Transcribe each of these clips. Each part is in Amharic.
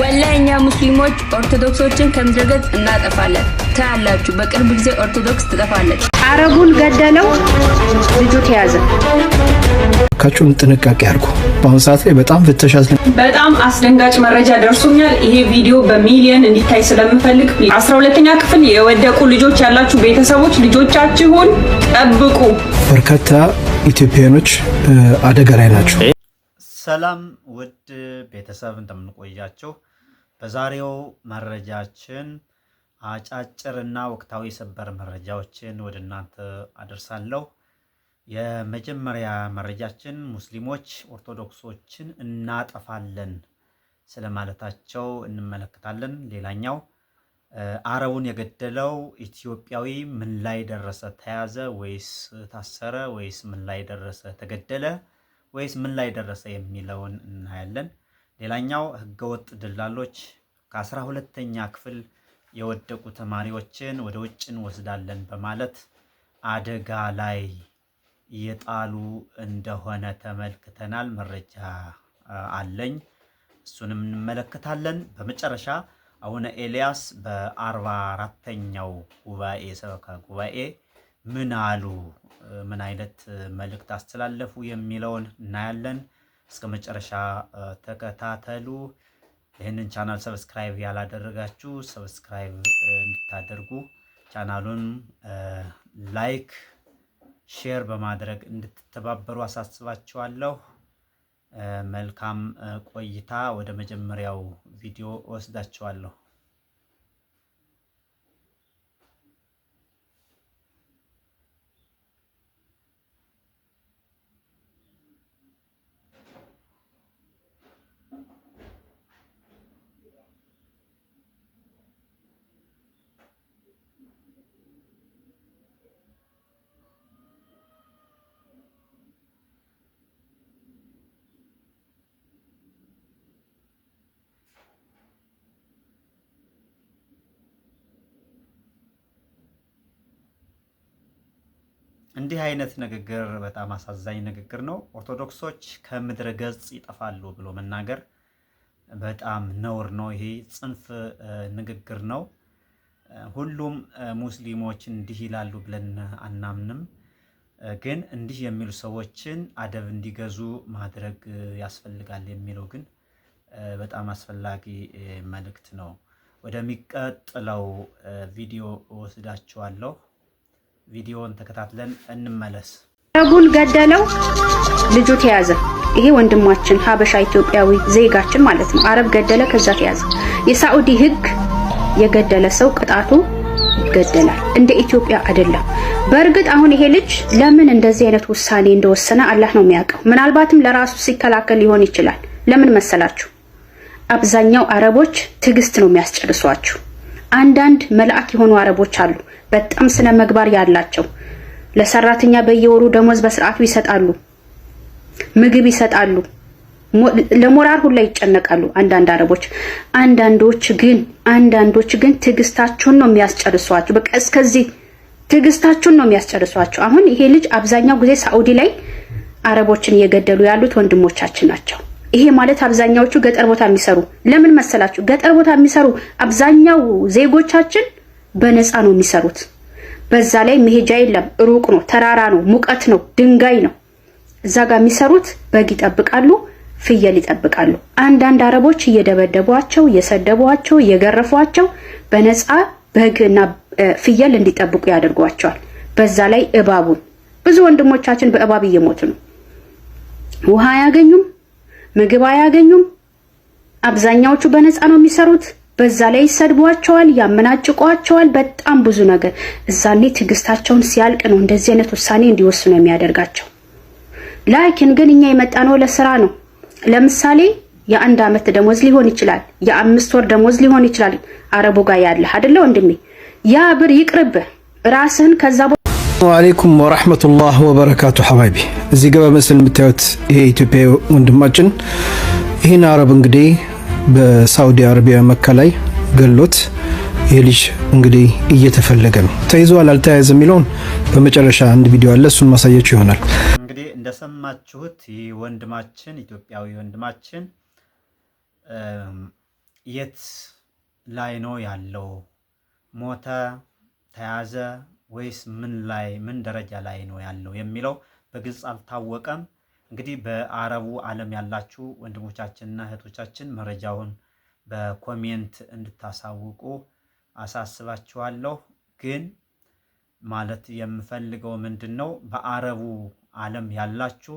ወላይኛ እኛ ሙስሊሞች ኦርቶዶክሶችን ከምድረገጽ እናጠፋለን። ታያላችሁ፣ በቅርብ ጊዜ ኦርቶዶክስ ትጠፋለች። አረቡን ገደለው፣ ልጁ ተያዘ። ካችሁም ጥንቃቄ አድርጉ። በአሁኑ ሰዓት ላይ በጣም ፍተሻ በጣም አስደንጋጭ መረጃ ደርሶኛል። ይሄ ቪዲዮ በሚሊየን እንዲታይ ስለምፈልግ አስራ ሁለተኛ ክፍል የወደቁ ልጆች ያላችሁ ቤተሰቦች ልጆቻችሁን ጠብቁ። በርካታ ኢትዮጵያኖች አደጋ ላይ ናቸው። ሰላም ውድ ቤተሰብ እንደምንቆያችሁ በዛሬው መረጃችን አጫጭርና ወቅታዊ ሰበር መረጃዎችን ወደ እናንተ አደርሳለሁ። የመጀመሪያ መረጃችን ሙስሊሞች ኦርቶዶክሶችን እናጠፋለን ስለማለታቸው እንመለከታለን። ሌላኛው አረቡን የገደለው ኢትዮጵያዊ ምን ላይ ደረሰ? ተያዘ ወይስ ታሰረ? ወይስ ምን ላይ ደረሰ? ተገደለ? ወይስ ምን ላይ ደረሰ የሚለውን እናያለን። ሌላኛው ህገወጥ ደላሎች ከአስራ ሁለተኛ ክፍል የወደቁ ተማሪዎችን ወደ ውጭ እንወስዳለን በማለት አደጋ ላይ እየጣሉ እንደሆነ ተመልክተናል። መረጃ አለኝ፣ እሱንም እንመለከታለን። በመጨረሻ አቡነ ኤልያስ በአርባ አራተኛው ጉባኤ ሰበካ ጉባኤ ምን አሉ፣ ምን አይነት መልእክት አስተላለፉ የሚለውን እናያለን። እስከ መጨረሻ ተከታተሉ። ይህንን ቻናል ሰብስክራይብ ያላደረጋችሁ ሰብስክራይብ እንድታደርጉ ቻናሉን ላይክ፣ ሼር በማድረግ እንድትተባበሩ አሳስባችኋለሁ። መልካም ቆይታ። ወደ መጀመሪያው ቪዲዮ ወስዳችኋለሁ። እንዲህ አይነት ንግግር በጣም አሳዛኝ ንግግር ነው። ኦርቶዶክሶች ከምድረ ገጽ ይጠፋሉ ብሎ መናገር በጣም ነውር ነው። ይሄ ጽንፍ ንግግር ነው። ሁሉም ሙስሊሞች እንዲህ ይላሉ ብለን አናምንም። ግን እንዲህ የሚሉ ሰዎችን አደብ እንዲገዙ ማድረግ ያስፈልጋል የሚለው ግን በጣም አስፈላጊ መልእክት ነው። ወደሚቀጥለው ቪዲዮ ወስዳችኋለሁ። ቪዲዮውን ተከታትለን እንመለስ። ረጉን ገደለው፣ ልጁ ተያዘ። ይሄ ወንድማችን ሀበሻ ኢትዮጵያዊ ዜጋችን ማለት ነው። አረብ ገደለ፣ ከዛ ተያዘ። የሳዑዲ ህግ የገደለ ሰው ቅጣቱ ይገደላል። እንደ ኢትዮጵያ አይደለም። በእርግጥ አሁን ይሄ ልጅ ለምን እንደዚህ አይነት ውሳኔ እንደወሰነ አላህ ነው የሚያውቀው። ምናልባትም ለራሱ ሲከላከል ሊሆን ይችላል። ለምን መሰላችሁ? አብዛኛው አረቦች ትዕግስት ነው የሚያስጨርሷችሁ። አንዳንድ መልአክ የሆኑ አረቦች አሉ በጣም ስነ መግባር ያላቸው ለሰራተኛ በየወሩ ደሞዝ በስርዓቱ ይሰጣሉ፣ ምግብ ይሰጣሉ፣ ለሞራል ሁላ ይጨነቃሉ። አንዳንድ አረቦች አንዳንዶች ግን አንዳንዶች ግን ትዕግስታችሁን ነው የሚያስጨርሷቸው። በቃ እስከዚህ ትዕግስታችሁን ነው የሚያስጨርሷቸው። አሁን ይሄ ልጅ አብዛኛው ጊዜ ሳውዲ ላይ አረቦችን እየገደሉ ያሉት ወንድሞቻችን ናቸው። ይሄ ማለት አብዛኛዎቹ ገጠር ቦታ የሚሰሩ ለምን መሰላችሁ? ገጠር ቦታ የሚሰሩ አብዛኛው ዜጎቻችን በነፃ ነው የሚሰሩት። በዛ ላይ መሄጃ የለም። ሩቅ ነው፣ ተራራ ነው፣ ሙቀት ነው፣ ድንጋይ ነው። እዛ ጋር የሚሰሩት በግ ይጠብቃሉ፣ ፍየል ይጠብቃሉ። አንዳንድ አረቦች እየደበደቧቸው፣ እየሰደቧቸው፣ እየገረፏቸው በነፃ በግና ፍየል እንዲጠብቁ ያደርጓቸዋል። በዛ ላይ እባቡን ብዙ ወንድሞቻችን በእባብ እየሞቱ ነው። ውሃ አያገኙም፣ ምግብ አያገኙም። አብዛኛዎቹ በነፃ ነው የሚሰሩት። በዛ ላይ ይሰድቧቸዋል፣ ያመናጭቋቸዋል። በጣም ብዙ ነገር እዛኔ ትዕግስታቸውን ሲያልቅ ነው እንደዚህ አይነት ውሳኔ እንዲወስኑ የሚያደርጋቸው። ላኪን ግን እኛ የመጣነው ለስራ ነው። ለምሳሌ የአንድ አመት ደሞዝ ሊሆን ይችላል፣ የአምስት ወር ደሞዝ ሊሆን ይችላል። አረቡ ጋር ያለህ አደለ ወንድሜ፣ ያ ብር ይቅርብህ ራስህን ከዛ አለይኩም ወራህመቱላህ ወበረካቱ ሐባይቢ እዚህ ገባ መስል የምታዩት ይሄ ኢትዮጵያ ወንድማችን ይህን አረብ እንግዲህ በሳውዲ አረቢያ መካ ላይ ገሎት ይህ ልጅ እንግዲህ እየተፈለገ ነው። ተይዟል አልተያያዘ የሚለውን በመጨረሻ አንድ ቪዲዮ አለ፣ እሱን ማሳያችሁ ይሆናል። እንግዲህ እንደሰማችሁት ይህ ወንድማችን ኢትዮጵያዊ ወንድማችን የት ላይ ነው ያለው? ሞተ፣ ተያዘ ወይስ ምን ላይ ምን ደረጃ ላይ ነው ያለው የሚለው በግልጽ አልታወቀም። እንግዲህ በአረቡ ዓለም ያላችሁ ወንድሞቻችንና እህቶቻችን መረጃውን በኮሜንት እንድታሳውቁ አሳስባችኋለሁ። ግን ማለት የምፈልገው ምንድን ነው በአረቡ ዓለም ያላችሁ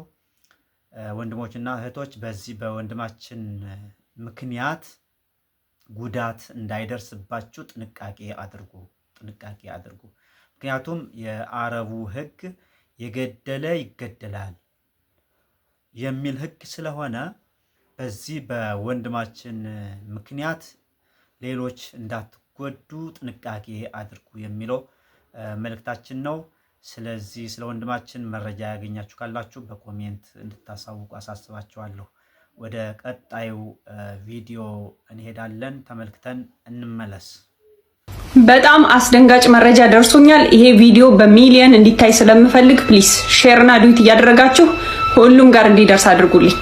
ወንድሞችና እህቶች በዚህ በወንድማችን ምክንያት ጉዳት እንዳይደርስባችሁ ጥንቃቄ አድርጉ፣ ጥንቃቄ አድርጉ። ምክንያቱም የአረቡ ሕግ የገደለ ይገደላል የሚል ህግ ስለሆነ በዚህ በወንድማችን ምክንያት ሌሎች እንዳትጎዱ ጥንቃቄ አድርጉ የሚለው መልእክታችን ነው። ስለዚህ ስለ ወንድማችን መረጃ ያገኛችሁ ካላችሁ በኮሜንት እንድታሳውቁ አሳስባችኋለሁ። ወደ ቀጣዩ ቪዲዮ እንሄዳለን። ተመልክተን እንመለስ። በጣም አስደንጋጭ መረጃ ደርሶኛል። ይሄ ቪዲዮ በሚሊየን እንዲታይ ስለምፈልግ ፕሊስ ሼርና ዱዊት እያደረጋችሁ ከሁሉም ጋር እንዲደርስ አድርጉልኝ።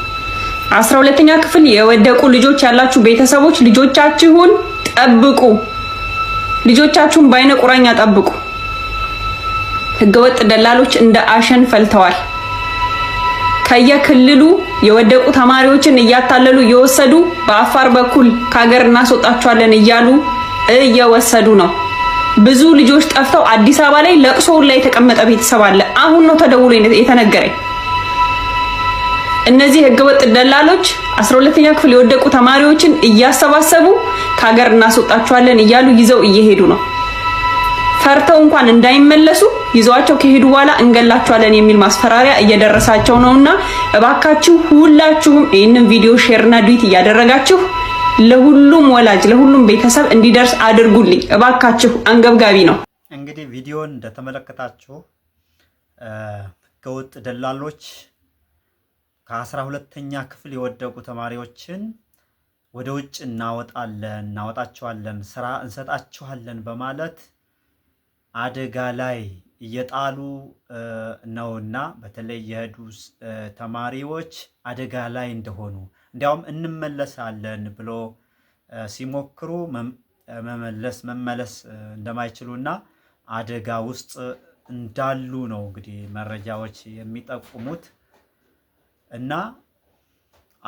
አስራ ሁለተኛ ክፍል የወደቁ ልጆች ያላችሁ ቤተሰቦች ልጆቻችሁን ጠብቁ። ልጆቻችሁን በአይነ ቁራኛ ጠብቁ። ህገወጥ ደላሎች እንደ አሸን ፈልተዋል። ከየክልሉ የወደቁ ተማሪዎችን እያታለሉ እየወሰዱ በአፋር በኩል ከሀገር እናስወጣቸዋለን እያሉ እየወሰዱ ነው። ብዙ ልጆች ጠፍተው አዲስ አበባ ላይ ለቅሶውን ላይ የተቀመጠ ቤተሰብ አለ። አሁን ነው ተደውሎ የተነገረኝ። እነዚህ ህገወጥ ደላሎች 12ኛ ክፍል የወደቁ ተማሪዎችን እያሰባሰቡ ከሀገር እናስወጣቸዋለን እያሉ ይዘው እየሄዱ ነው። ፈርተው እንኳን እንዳይመለሱ ይዘዋቸው ከሄዱ በኋላ እንገላቸዋለን የሚል ማስፈራሪያ እየደረሳቸው ነውና እባካችሁ ሁላችሁም ይህንን ቪዲዮ ሼርና ዱዊት እያደረጋችሁ ለሁሉም ወላጅ ለሁሉም ቤተሰብ እንዲደርስ አድርጉልኝ እባካችሁ፣ አንገብጋቢ ነው። እንግዲህ ቪዲዮን እንደተመለከታችሁ ህገወጥ ደላሎች ከአስራ ሁለተኛ ክፍል የወደቁ ተማሪዎችን ወደ ውጭ እናወጣለን እናወጣቸዋለን፣ ስራ እንሰጣችኋለን በማለት አደጋ ላይ እየጣሉ ነውና በተለይ የሄዱ ተማሪዎች አደጋ ላይ እንደሆኑ እንዲያውም እንመለሳለን ብሎ ሲሞክሩ መመለስ መመለስ እንደማይችሉና አደጋ ውስጥ እንዳሉ ነው እንግዲህ መረጃዎች የሚጠቁሙት። እና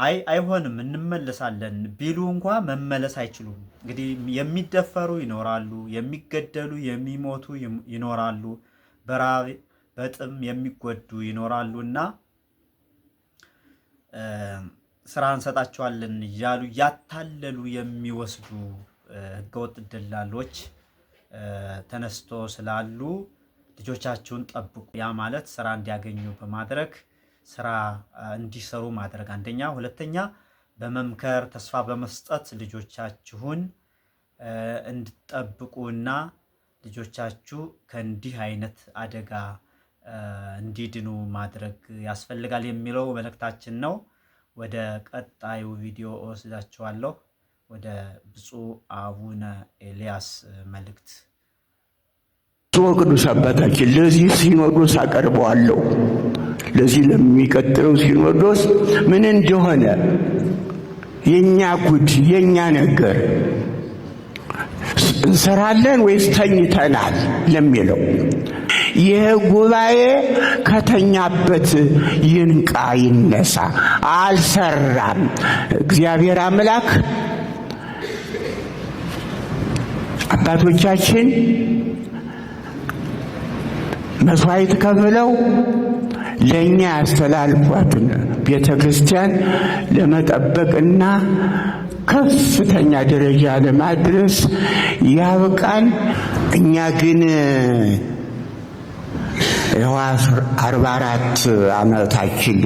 አይ አይሆንም እንመለሳለን ቢሉ እንኳ መመለስ አይችሉም። እንግዲህ የሚደፈሩ ይኖራሉ፣ የሚገደሉ የሚሞቱ ይኖራሉ፣ በራብ በጥም የሚጎዱ ይኖራሉ እና ስራ እንሰጣቸዋለን እያሉ ያታለሉ የሚወስዱ ህገወጥ ደላሎች ተነስቶ ስላሉ ልጆቻችሁን ጠብቁ፣ ያ ማለት ስራ እንዲያገኙ በማድረግ ስራ እንዲሰሩ ማድረግ አንደኛ። ሁለተኛ በመምከር ተስፋ በመስጠት ልጆቻችሁን እንድትጠብቁና ልጆቻችሁ ከእንዲህ አይነት አደጋ እንዲድኑ ማድረግ ያስፈልጋል የሚለው መልእክታችን ነው። ወደ ቀጣዩ ቪዲዮ እወስዳችኋለሁ። ወደ ብፁዕ አቡነ ኤልያስ መልእክት ብፁዕ ቅዱስ አባታችን ለዚህ ሲኖዶስ አቀርበዋለሁ። ለዚህ ለሚቀጥለው ሲኖዶስ ምን እንደሆነ የኛ ጉድ የኛ ነገር እንሰራለን ወይስ ተኝተናል ለሚለው ይህ ጉባኤ ከተኛበት ይንቃ ይነሳ፣ አልሰራም። እግዚአብሔር አምላክ አባቶቻችን መስዋዕት ከፍለው ለእኛ ያስተላልፏትን ቤተ ክርስቲያን ለመጠበቅና ከፍተኛ ደረጃ ለማድረስ ያብቃን። እኛ ግን ይኸው አርባ አራት ዓመታችን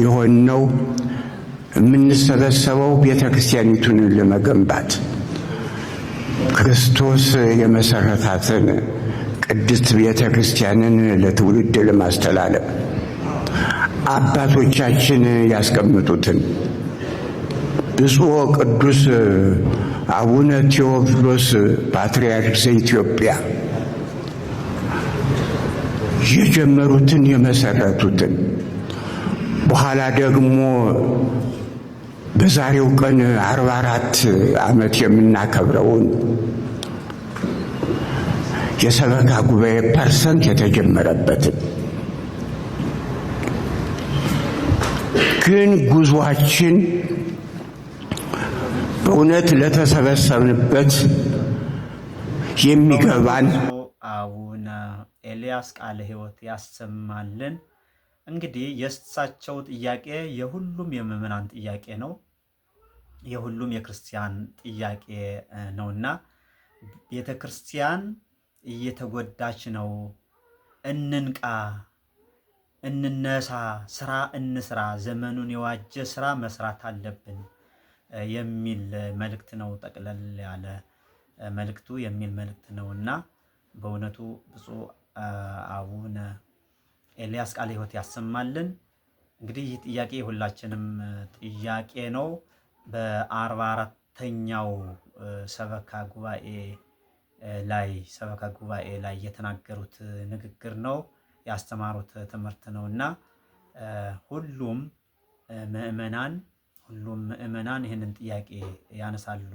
ሊሆን ነው የምንሰበሰበው ቤተ ክርስቲያኒቱን ለመገንባት ክርስቶስ የመሰረታትን ቅድስት ቤተ ክርስቲያንን ለትውልድ ለማስተላለፍ አባቶቻችን ያስቀምጡትን ብፁዕ ቅዱስ አቡነ ቴዎፍሎስ ፓትርያርክ ዘኢትዮጵያ የጀመሩትን የመሰረቱትን በኋላ ደግሞ በዛሬው ቀን አርባ አራት ዓመት የምናከብረውን የሰበካ ጉባኤ ፐርሰንት የተጀመረበትን ግን ጉዟችን በእውነት ለተሰበሰብንበት የሚገባን አቡነ ኤልያስ ቃለ ሕይወት ያሰማልን። እንግዲህ የእሳቸው ጥያቄ የሁሉም የምዕመናን ጥያቄ ነው፣ የሁሉም የክርስቲያን ጥያቄ ነውና ቤተ ክርስቲያን እየተጎዳች ነው። እንንቃ፣ እንነሳ፣ ስራ እንስራ፣ ዘመኑን የዋጀ ስራ መስራት አለብን የሚል መልእክት ነው። ጠቅለል ያለ መልእክቱ የሚል መልእክት ነው እና በእውነቱ ብፁዕ አቡነ ኤልያስ ቃለ ሕይወት ያሰማልን። እንግዲህ ይህ ጥያቄ የሁላችንም ጥያቄ ነው። በአርባ አራተኛው ሰበካ ጉባኤ ላይ ሰበካ ጉባኤ ላይ የተናገሩት ንግግር ነው ያስተማሩት ትምህርት ነው እና ሁሉም ምእመናን ሁሉም ምእመናን ይህንን ጥያቄ ያነሳሉ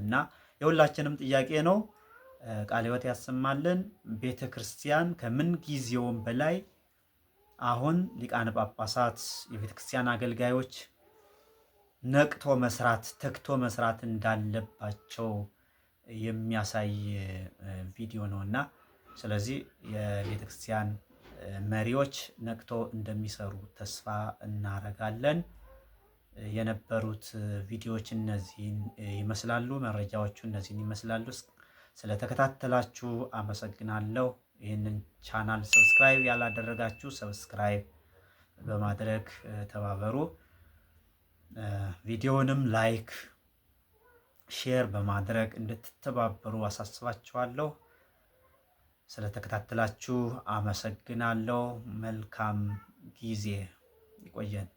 እና የሁላችንም ጥያቄ ነው። ቃለ ሕይወት ያሰማልን። ቤተ ክርስቲያን ከምን ጊዜውም በላይ አሁን ሊቃነ ጳጳሳት፣ የቤተ ክርስቲያን አገልጋዮች ነቅቶ መስራት ተክቶ መስራት እንዳለባቸው የሚያሳይ ቪዲዮ ነው እና ስለዚህ የቤተክርስቲያን መሪዎች ነቅቶ እንደሚሰሩ ተስፋ እናደርጋለን። የነበሩት ቪዲዮዎች እነዚህን ይመስላሉ። መረጃዎቹ እነዚህን ይመስላሉ። ስለተከታተላችሁ አመሰግናለሁ። ይህንን ቻናል ሰብስክራይብ ያላደረጋችሁ ሰብስክራይብ በማድረግ ተባበሩ። ቪዲዮውንም ላይክ ሼር በማድረግ እንድትተባበሩ አሳስባችኋለሁ። ስለተከታተላችሁ አመሰግናለሁ። መልካም ጊዜ። ይቆየን።